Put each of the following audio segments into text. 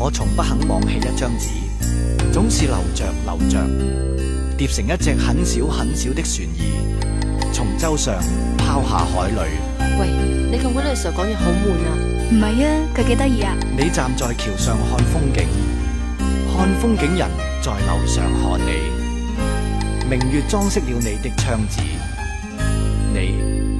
我從不肯忘棄一張紙，總是留着留着，疊成一隻很小很小的船兒，從舟上拋下海裏。喂，你同 Wilson 講嘢好悶啊？唔係啊，佢幾得意啊？你站在橋上看風景，看風景人在樓上看你。明月裝飾了你的窗子，你。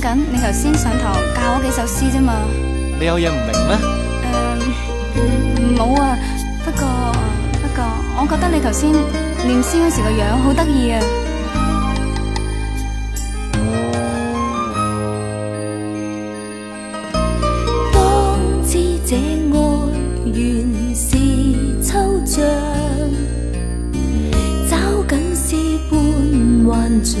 緊，你頭先上堂教我幾首詩啫嘛。你有嘢唔明咩？誒，冇啊。不過不過，我覺得你頭先念詩嗰時個樣好得意啊。當知這愛原是抽象，找緊絲般幻象。